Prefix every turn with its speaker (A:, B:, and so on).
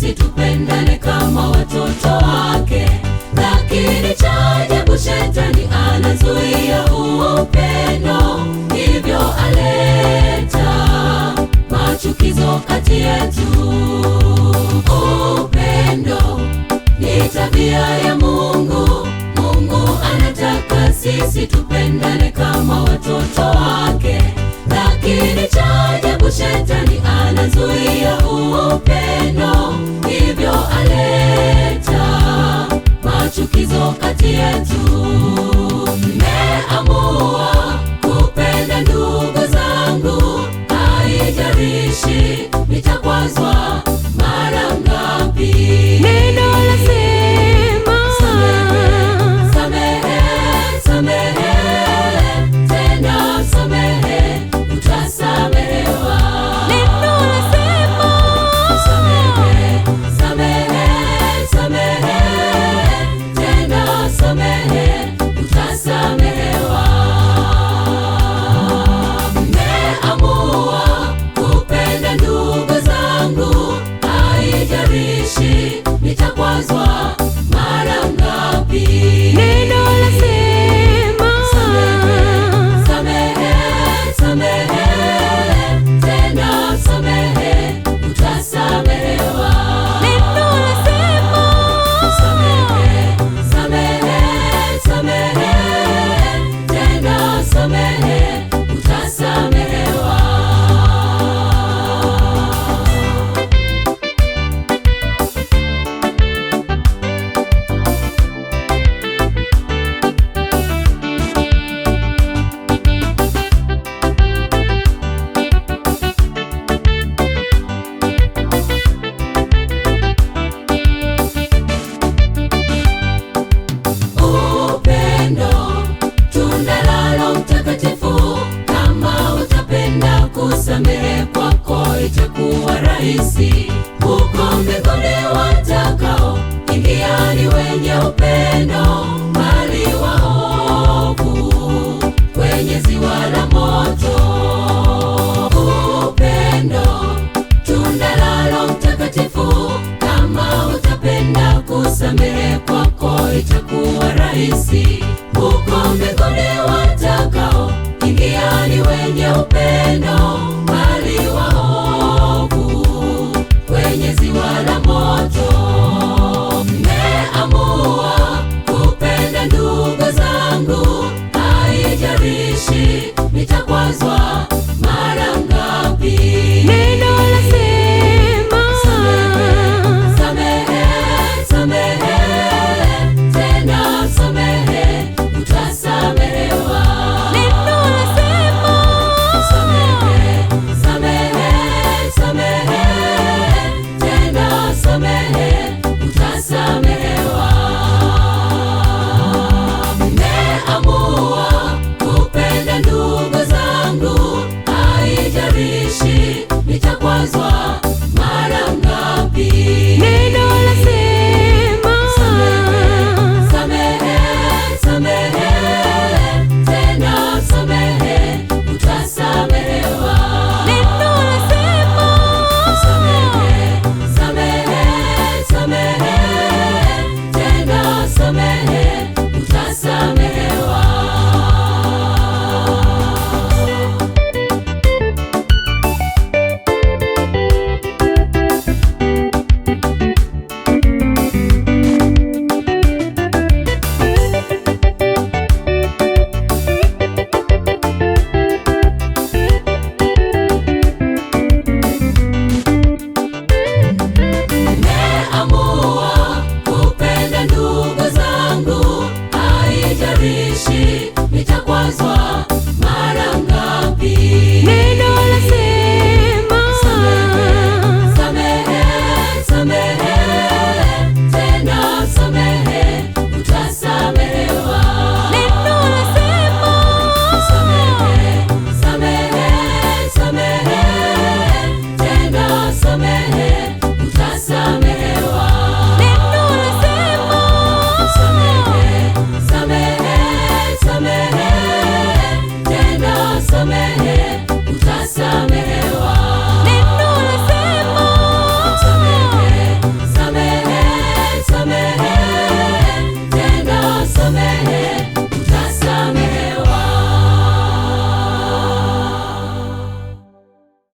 A: basi tupendane kama watoto wake. Lakini cha ajabu shetani anazuia huo upendo, hivyo aleta machukizo kati yetu. Upendo ni tabia ya Mungu. Mungu anataka sisi tupendane kama watoto wake sababu shetani anazuia huo upendo, hivyo aleta kusamehe kwako itakuwa rahisi. Huko mbinguni watakao ingia ni wenye upendo, bali waovu kwenye ziwa la moto. Upendo tunda lalo mtakatifu. Kama utapenda kusamehe kwako itakuwa rahisi. Huko mbinguni watakao ingia ni wenye upendo nitaishi, nitakwazwa mara ngapi?